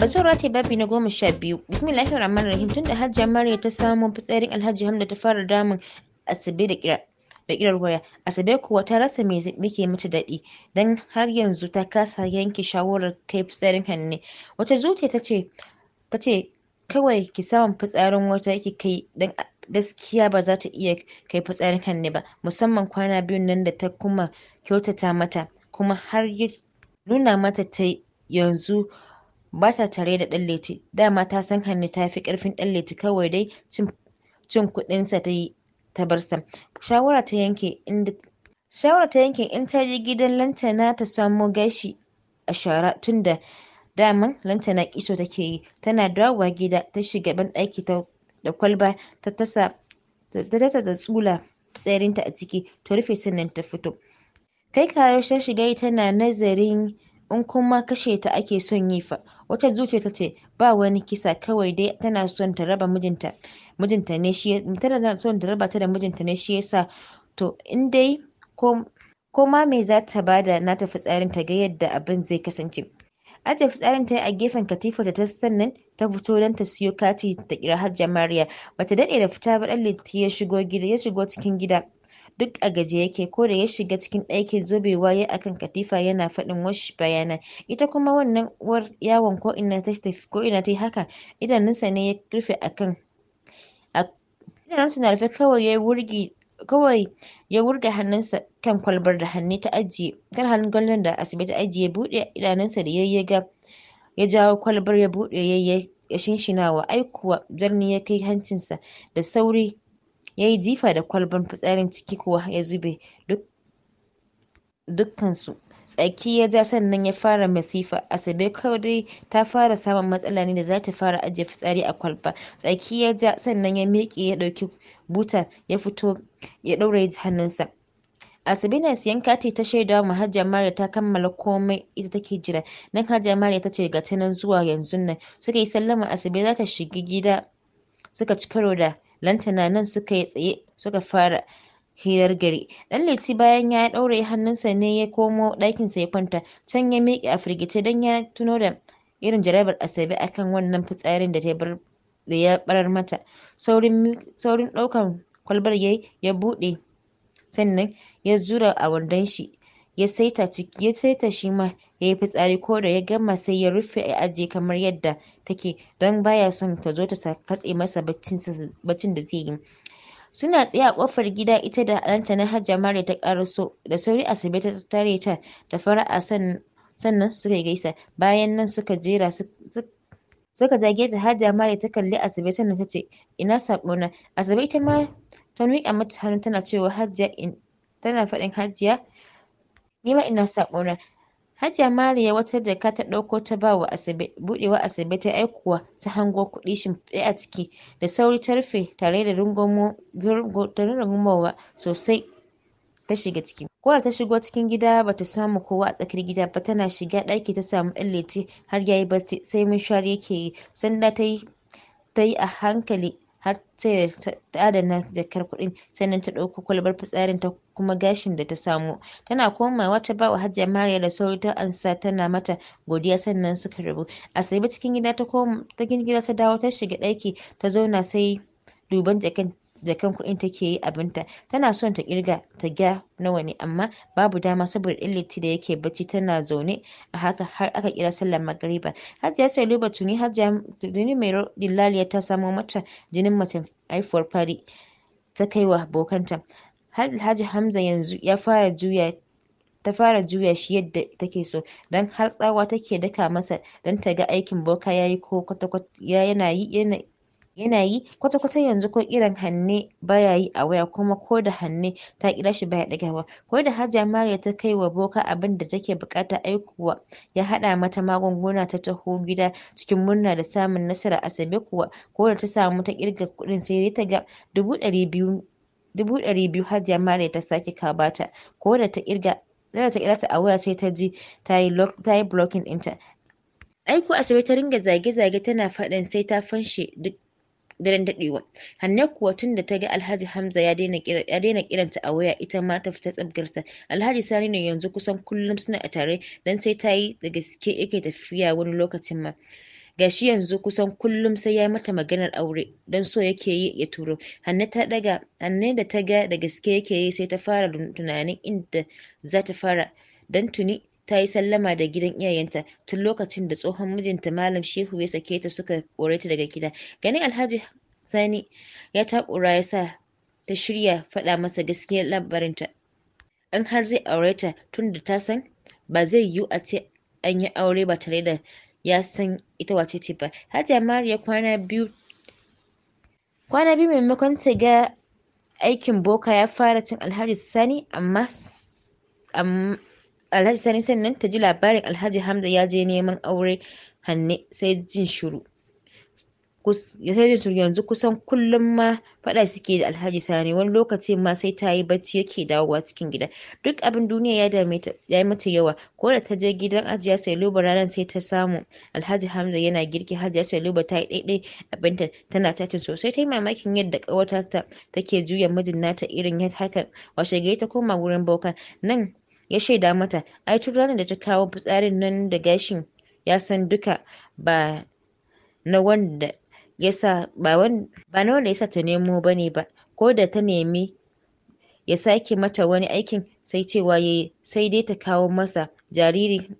Bajora ce babi na goma sha biyu. Bismillahir Rahmanir Rahim tun da Hajjiyar Mariya ta samo fitsarin Alhaji Hamda ta fara damun Asabe da kira da kirar waya. Asabe kuwa ta rasa me muke mata daɗi dan har yanzu ta kasa yanke shawarar kai fitsarin hanne. Wata zuciya ta ce ta ce kawai ki samun fitsarin wata yake kai dan gaskiya ba za ta iya kai fitsarin hanne ba musamman kwana biyu nan da ta kuma kyautata mata kuma har nuna mata ta yanzu ba ta tare da ɗan Ɗanliti, dama ta san hannu ta fi ƙarfin ɗan Ɗanliti kawai dai cin kuɗinsa ta yi ta bar sa. Shawara ta yanke in ta je gidan lantana ta samo gashi a shara tunda daman lantana kiso take yi tana dawowa gida ta shiga banɗaki ta da kwalba ta tasa ta tsula fitsarinta a ciki ta rufe sannan ta fito kai kayo ta shiga tana nazarin In kuma kashe ta ake son yi fa? Wata zuciyar ta ce, "Ba wani kisa, kawai dai tana son ta raba ta da mijinta ne shi ya sa, to in dai ko ma me za ta ba da nata fitsarin ta ga yadda abin zai kasance." Ajiye fitsarin ta yi a gefen katifar da ta sannan ta fito don ta siyo kati ta kira Hajiya Mariya. Ba daɗe da fita ba gida ya shigo cikin gida. duk a gaje yake ko da ya shiga cikin ɗakin zubewa yayi akan katifa yana faɗin wasu bayanan ita kuma wannan uwar yawon ko ina ta tafi ko ina tayi haka idanunsa ne ya rufe akan idanunsa na rufe kawai yayi wurgi kawai ya wurga hannunsa kan kwalbar da hannu ta ajiye kan hannun da asibiti ta ajiye buɗe idanunsa da ya jawo kwalbar ya buɗe yayi ya shinshinawa ai kuwa zarni ya kai hancinsa da sauri ya yi jifa da kwalban fitsarin ciki kuwa ya zube dukkansu tsaki ya ja sannan ya fara masifa asabe kawai dai ta fara samun matsala ne da za ta fara ajiye fitsari a kwalba tsaki ya ja sannan ya miƙe ya ɗauki buta ya fito ya ɗaure hannunsa asabe na siyan kati ta shaida wa hajiya mariya ta kammala komai ita take jira nan hajiya mariya ta ce ga ta nan zuwa yanzun nan suka yi sallama asabe za ta shiga gida suka ci karo da lantana nan suka yi tsaye suka fara hirar gari dan liti bayan ya ɗaure hannunsa ne ya komo ɗakinsa ya kwanta can ya miƙe a firgice dan ya tuno da irin jarabar asabe akan wannan fitsarin da ta bar da ya barar mata saurin ɗaukan kwalbar yayi ya buɗe sannan ya zura a wandon shi ya saita ya shi ma yi fitsari ko da ya gama sai ya rufe ya ajiye kamar yadda take don ba ya son ta zo ta katse masa baccin da zai yi. Suna tsaye a kofar gida ita da ɗanta na Hajiya Mariya ta ƙaraso da sauri Asabe ta tare ta da fara'a sannan suka gaisa bayan nan suka jera suka ja gefe Hajiya Mariya ta kalli Asabe sannan ta ce ina saƙona Asabe ita ma ta miƙa mata hannu tana cewa Hajiya tana faɗin Hajiya ni ma ina saƙona Hajiya Mariya wata jaka ta ɗauko ta ba wa buɗewa asibi ta aikuwa ta hango kuɗi shimfiɗe a ciki da sauri ta rufe tare da rungumowa sosai ta shiga ciki. Ko da ta shigo cikin gida bata samu kowa a tsakar gida ba tana shiga ɗaki ta samu ɗan har yayi barci sai munshari yake yi sanda ta yi a hankali har sai ta adana jakar kuɗin sannan ta ɗauko kwalbar fitsarin ta kuma gashin da ta samo tana komawa ta bawa hajiya mariya da sauri ta ansa tana mata godiya sannan suka rabu asabe cikin gida ta koma ta gida ta dawo ta shiga ɗaki ta zauna sai duban jakan jakan kuɗin take yi abinta tana son ta kirga ta gya nawa ne amma babu dama saboda ɗin da yake bacci tana zaune a haka har aka kira sallar magariba hajiya saluba tuni hajiya tuni mai dillaliya ta samo mata jinin mace haifuwar fari ta kai wa bokanta Alhaji Hamza yanzu ya fara juya ta fara juya shi yadda take so don har tsawa take daka masa dan ta ga aikin boka yayi ko kwata yana yi yana yi kwata-kwata yanzu ko kiran Hanne baya yi a waya kuma ko da Hanne ta kira shi baya ba ko da Hajiya Mariya ta kai wa boka abin da take bukata ai ya hada mata magunguna ta taho gida cikin murna da samun nasara Asabe kuwa ko da ta samu ta kirga kudin sai dai ta ga dubu ɗari biyu dubu dari biyu Hajiya Mariya ta sake kabata ko da ta kirga ta kira ta a waya sai ta ji ta yi blocking ɗinta Aiko asibiti ta ringa zage-zage tana faɗin sai ta fanshe duk daren daɗewa hanne kuwa tun da ta ga alhaji hamza ya daina kiranta a waya ita ma ta fita tsabgarsa alhaji sani ne yanzu kusan kullum suna a tare dan sai ta yi da gaske yake tafiya wani lokacin ma gashi yanzu kusan kullum sai ya mata maganar aure don so yake yi ya turo hanne ta daga hanne da ta ga da gaske yake yi sai ta fara tunanin inda za ta fara don tuni ta yi sallama da gidan iyayenta tun lokacin da tsohon mijinta malam shehu ya sake ta suka kore ta daga gida ganin alhaji sani ya takura ya sa ta shirya faɗa masa gaskiyar labarinta in har zai aure ta tun da ta san ba zai yiwu a ce an yi aure ba tare da ya san ita wace ce ba hajiya mariya kwana biyu kwana biyu maimakon ta ga aikin boka ya fara cin alhaji sani amma alhaji sani sannan ta ji labarin alhaji hamza ya je neman aure hanne sai jin shiru ya sai yanzu kusan kullum ma faɗa suke da alhaji sani wani lokacin ma sai ta yi bacci yake dawowa cikin gida duk abin duniya ya dame ta ya yi mata yawa ko da ta je gidan ajiya sailuba ranar sai ta samu alhaji hamza yana girki hajiya sailuba ta yi ɗaiɗai abinta tana tatin sosai ta yi mamakin yadda ta take juya mijin nata irin yadda hakan washe gari ta koma wurin bokan nan ya shaida mata, "Ai, tun ranar da ta kawo fitsarin nan da gashin ya san duka ba na wanda ya sa ta nemo ba ne ba, ko da ta nemi ya sake mata wani aikin sai cewa ya sai dai ta kawo masa jariri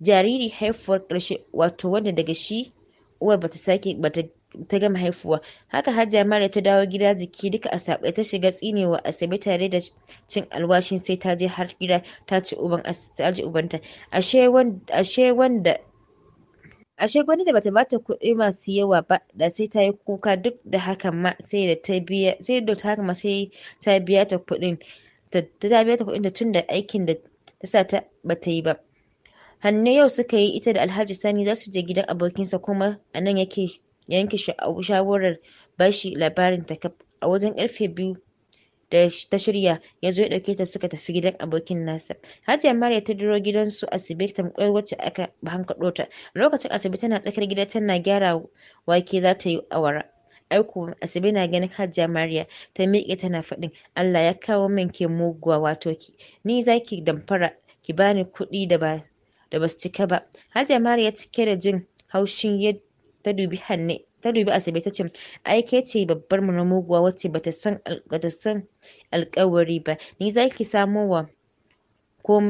jariri haifuwar ƙarshe wato wanda daga shi uwar ba ta sake bata ta gama haifuwa haka hajiya mariya ta dawo gida jiki duka a saɓe ta shiga tsinewa a asabe tare da cin alwashin sai ta je har gida ta ci uban ta ji ubanta ashe wanda ashe wanda ashe gwani da bata bata kuɗi masu yawa ba da sai ta yi kuka duk da haka ma sai da ta biya sai da ta ma sai ta biya ta kuɗin ta ta biya ta kuɗin da tun da aikin da ta sa ta bata yi ba hannu yau suka yi ita da alhaji sani za su je gidan abokinsa kuma a nan yake yanke shawarar bashi labarin ta kaf. A wajen ƙarfe biyu da ta shirya, ya zo ya ɗauke ta suka tafi gidan abokin nasa. Hajiya Mariya ta duro gidansu Asibe tamkar wacce aka bankaɗo ta. Lokacin asibiti tana tsakar gida tana gyara wake za ta yi awara. aiko asibiti na ganin Hajiya Mariya ta miƙe tana faɗin Allah ya kawo min ke muguwa wato ki ni za ki damfara ki bani kuɗi da ba da basu cika ba Hajiya Mariya cike da jin haushin yadda ta dubi hanne ta dubi asabe ta ce ai ke ce babbar mu na muguwa wacce bata ta bata son alƙawari ba ni zaki samo wa ko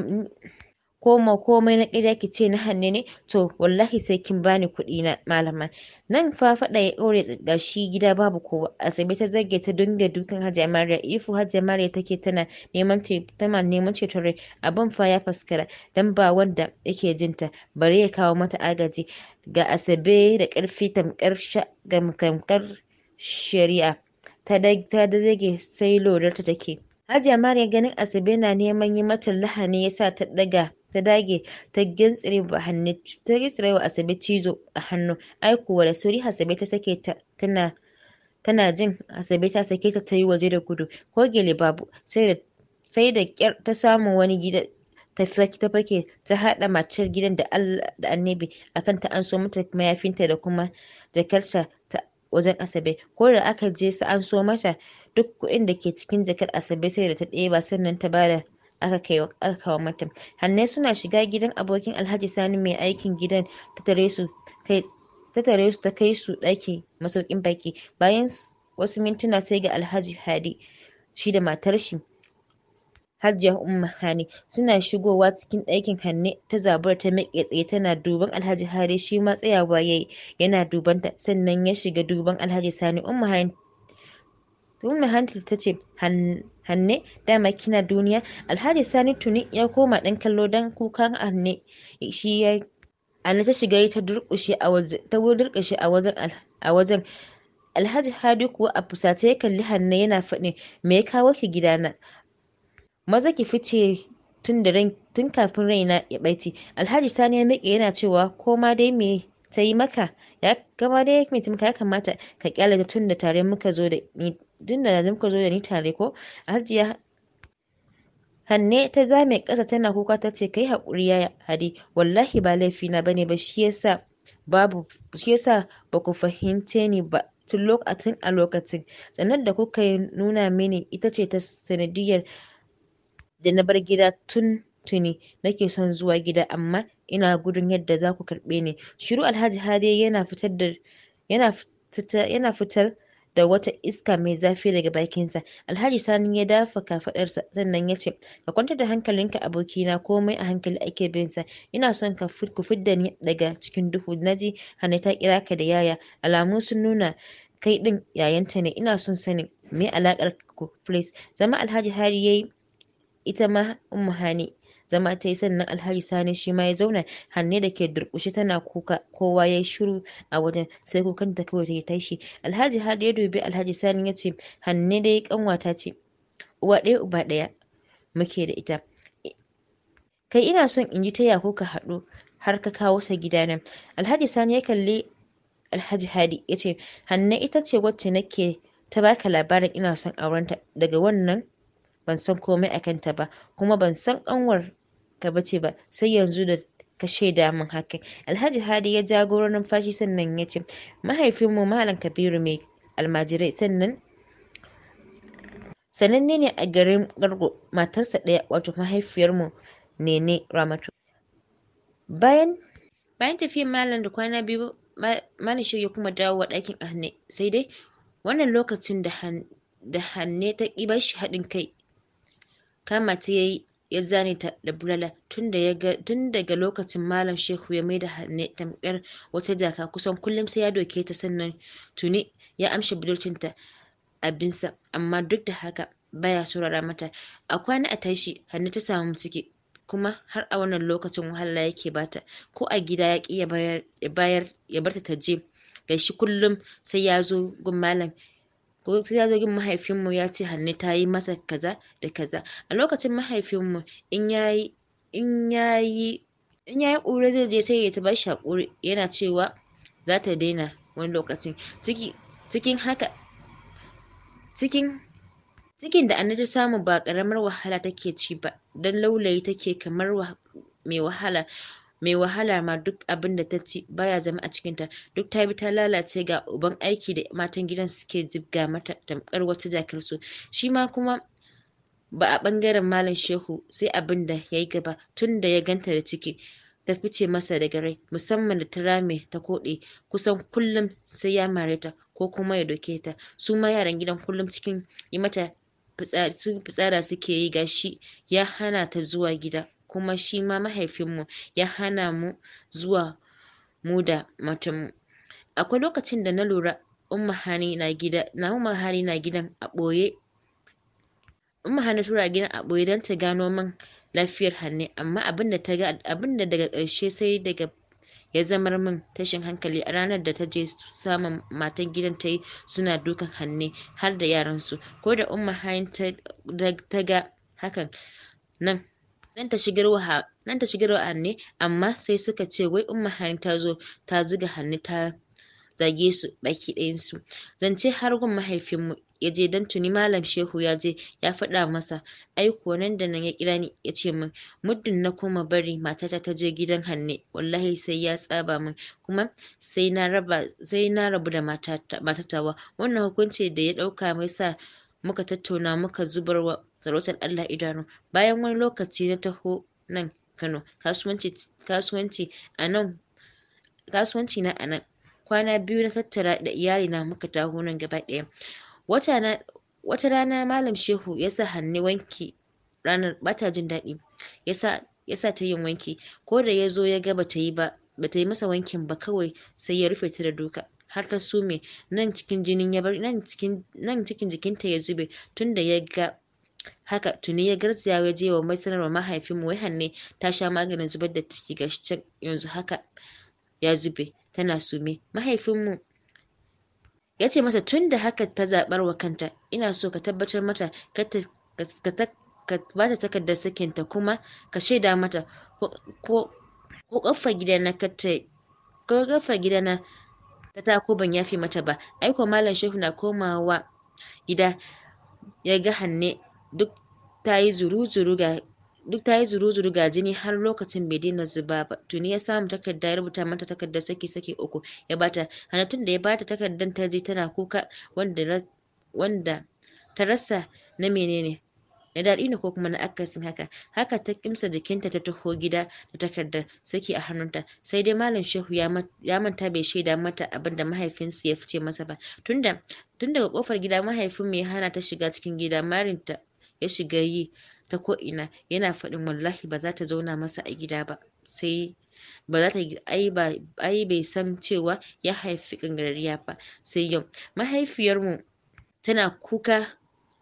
ko komai na ƙarya ki ce na hannu ne to wallahi sai kin bani kuɗi na malama nan fa faɗa ya ƙore ga shi gida babu kowa asabe ta zage ta dinga dukan hajiya mariya ifu hajiya mariya take tana neman tana neman ceto rai abin fa ya faskara dan ba wanda yake jinta bare ya kawo mata agaji ga asabe da ƙarfi tamkar shari'a ta zage sai lorarta take Hajiya Mariya ganin Asabe na neman yi mata lahani yasa ta daga ta dage ta gintsire hannu ta gintsire wa asabe cizo a hannu ai kuwa da sauri asabe ta sake ta tana tana jin asabe ta sake ta ta waje da gudu ko gele babu sai da sai da kyar ta samu wani gida ta fake ta haɗa matar gidan da Allah da annabi akan ta an so mata mayafinta da kuma jakarta ta wajen asabe ko da aka je sa an so mata duk kuɗin da ke cikin jakar asabe sai da ta ɗeba sannan ta bada aka kawo mata hannai suna shiga gidan abokin alhaji sani mai aikin gidan ta tare su ta kai su ɗaki masaukin baki bayan wasu mintuna sai ga alhaji hadi shi da matar shi Hajiya Umma Hani suna shigowa cikin ɗakin Hanne ta zabura ta miƙe tsaye tana duban Alhaji Hare shi ma tsayawa yayi yana duban sannan ya shiga duban Alhaji Sani Umma Hani to ummi hantil ta ce hanne dama kina duniya alhaji sani tuni ya koma ɗan kallo don kukan hanne shi ya ta shiga ta durƙushe a wajen alhaji hadi kuwa a fusace ya kalli hanne yana faɗin me ya kawo ki gidana maza ki fice tun kafin raina ya baiti alhaji sani ya miƙe yana cewa koma ma dai me ta yi maka ya ya kamata ka kyale ta tun da tare muka zo da duk da muka zo da ni tare ko hajiya hanne ta zame ƙasa tana kuka ta ce kai hakuri ya hade wallahi ba laifina bane ba shi yasa babu shi yasa ba ku fahimce ni ba tun lokacin a lokacin sannan da kuka yi nuna mini ita ce ta sanadiyar da na bar gida tun tuni nake son zuwa gida amma ina gudun yadda za ku karɓe ni shiru alhaji hade yana fitar da yana fitar da wata iska mai zafi daga bakinsa. Alhaji Sani ya dafa kafaɗarsa sannan ya ce, Ka kwantar da hankalinka abokina komai a hankali ake binsa. Ina son ka ku fidda ni daga cikin duhu. Na ji ta kira ka da yaya. Alamu sun nuna kai ɗin yayanta ne. Ina son sani me alakar ku, please. Zama Alhaji Hari yayi ita ma Ummu Hani zama ta yi sannan alhaji sani shi ma ya zauna hanne da ke durƙushe tana kuka kowa ya yi shiru a wajen sai kukan ta kawai ta tashi alhaji har ya dubi alhaji sani ya ce hanne dai kanwata ce uwa ɗaya uba ɗaya muke da ita kai ina son in ji ta ya kuka haɗu har ka kawo sa gidana alhaji sani ya kalli alhaji hadi ya ce hanne ita ce wacce nake ta baka labarin ina son aurenta daga wannan ban san komai a kanta ba kuma ban san ƙanwar ka bace ba sai yanzu da ka shaida min hakan alhaji hadi ya jagoro numfashi sannan ya ce mahaifinmu malam kabiru mai almajirai sannan sananne ne a garin gargo matarsa ɗaya wato mahaifiyarmu nene ramatu bayan bayan tafiyar malam da kwana biyu malam ya kuma dawo wa ɗakin ahne sai dai wannan lokacin da hanne ta ƙi bashi haɗin kai kamata yayi ya zane ta da bulala tun daga lokacin malam shehu ya maida hanne tamkar wata jaka kusan kullum sai ya doke ta sannan tuni ya amshi budurcinta abinsa amma duk da haka baya saurara mata a kwana a tashi hannu ta samu ciki kuma har a wannan lokacin wahala yake bata ko a gida ya ƙi ya bayar ya barta ta je gaishi kullum sai ya zo gun malam ko sai ya zo mahaifinmu ya ce hannu ta yi masa kaza da kaza a lokacin mahaifinmu in ya yi in ya in ya yi ƙura zai je sai ya ta bashi haƙuri yana cewa za ta daina wani lokacin ciki cikin haka cikin cikin da annabi samu ba ƙaramar wahala take ci ba don laulayi take kamar mai wahala mai wahala ma duk abin da ta ci baya zama a cikinta duk ta bi ta lalace ga uban aiki da matan gidan suke jibga mata tamkar wata jakar su shi ma kuma ba a bangaren malam shehu sai abin da ya yi gaba tun da ya ganta da ciki ta fice masa daga rai musamman da ta rame ta koɗe kusan kullum sai ya mare ta ko kuma ya doke ta su ma yaran gidan kullum cikin yi mata fitsara suke yi gashi ya hana ta zuwa gida kuma shi ma mahaifinmu ya hana mu zuwa mu da matanmu akwai lokacin da na lura umma na gidan a ɓoye tura gidan a ɓoye don ta gano min lafiyar hannu amma abinda daga ƙarshe sai daga ya zamar min tashin hankali a ranar da ta je samun matan gidan ta yi suna dukan hanne har da yaransu ko da umma hain ta ga hakan nan nan ta shigar wa nan amma sai suka ce wai umma hannu ta zo ta zuga hannu ta zage su baki ɗayan su zance har gun mahaifinmu ya je dan tuni malam shehu ya je ya faɗa masa ai nan da nan ya kira ni ya ce min muddin na koma bari matata ta je gidan hanne wallahi sai ya tsaba min kuma sai na rabu da matata matatawa wannan hukunci da ya ɗauka mai sa muka tattauna muka zubarwa sarautar Allah idanu bayan wani lokaci na taho nan Kano kasuwanci kasuwanci a nan kasuwanci na a nan kwana biyu na tattara da iyali na muka taho nan gaba ɗaya wata rana malam Shehu ya sa hannu wanki ranar bata jin daɗi ya sa ta yin wanki ko da ya zo ya ga bata yi ba bata yi masa wankin ba kawai sai ya rufe ta da duka har ta sume nan cikin nan cikin jikinta ya zube tunda ya ga haka tuni ya garzaya ya je wa mai sanarwa mahaifinmu wai hanne ta sha maganin zubar da ciki gashi can yanzu haka ya zube tana sume mahaifinmu ya ce masa tun da haka ta zaɓar wa kanta ina so ka tabbatar mata ka ba ta takardar ta kuma ka shaida mata ko gida gidana ka ta ko gidana ta tako ban yafi mata ba aiko mallam shehu na komawa gida ya ga hanne duk tayi zuru-zuru ga zuru ga jini har lokacin bai daina zuba ba tuni ya samu takarda ya rubuta mata takardar saki-saki uku ya bata tun da ya bata takardar ta je tana kuka wanda ta rasa na menene na daɗi ne ko kuma na akasin haka haka ta kimsa jikinta ta taho gida da takardar saki a hannunta sai dai malam shehu ya manta bai shaida mata abin da mahaifinsu ya fice masa ba tunda tun daga kofar gida mahaifinmu ya hana ta shiga cikin gida marinta ya shiga yi ta ko'ina yana faɗin wallahi ba za ta zauna masa a gida ba sai ba za ta ai bai san cewa ya haifi kangarariya ba sai yau mahaifiyarmu tana kuka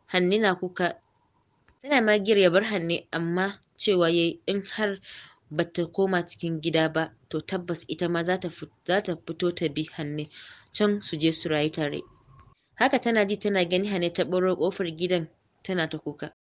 hannu na kuka tana magiyar ya bar hannu amma cewa yayi in har ba ta koma cikin gida ba to tabbas ita ma za ta fito ta bi hannu can su je su rayu tare haka tana ji tana gani hannu ta baro ƙofar gidan tana ta kuka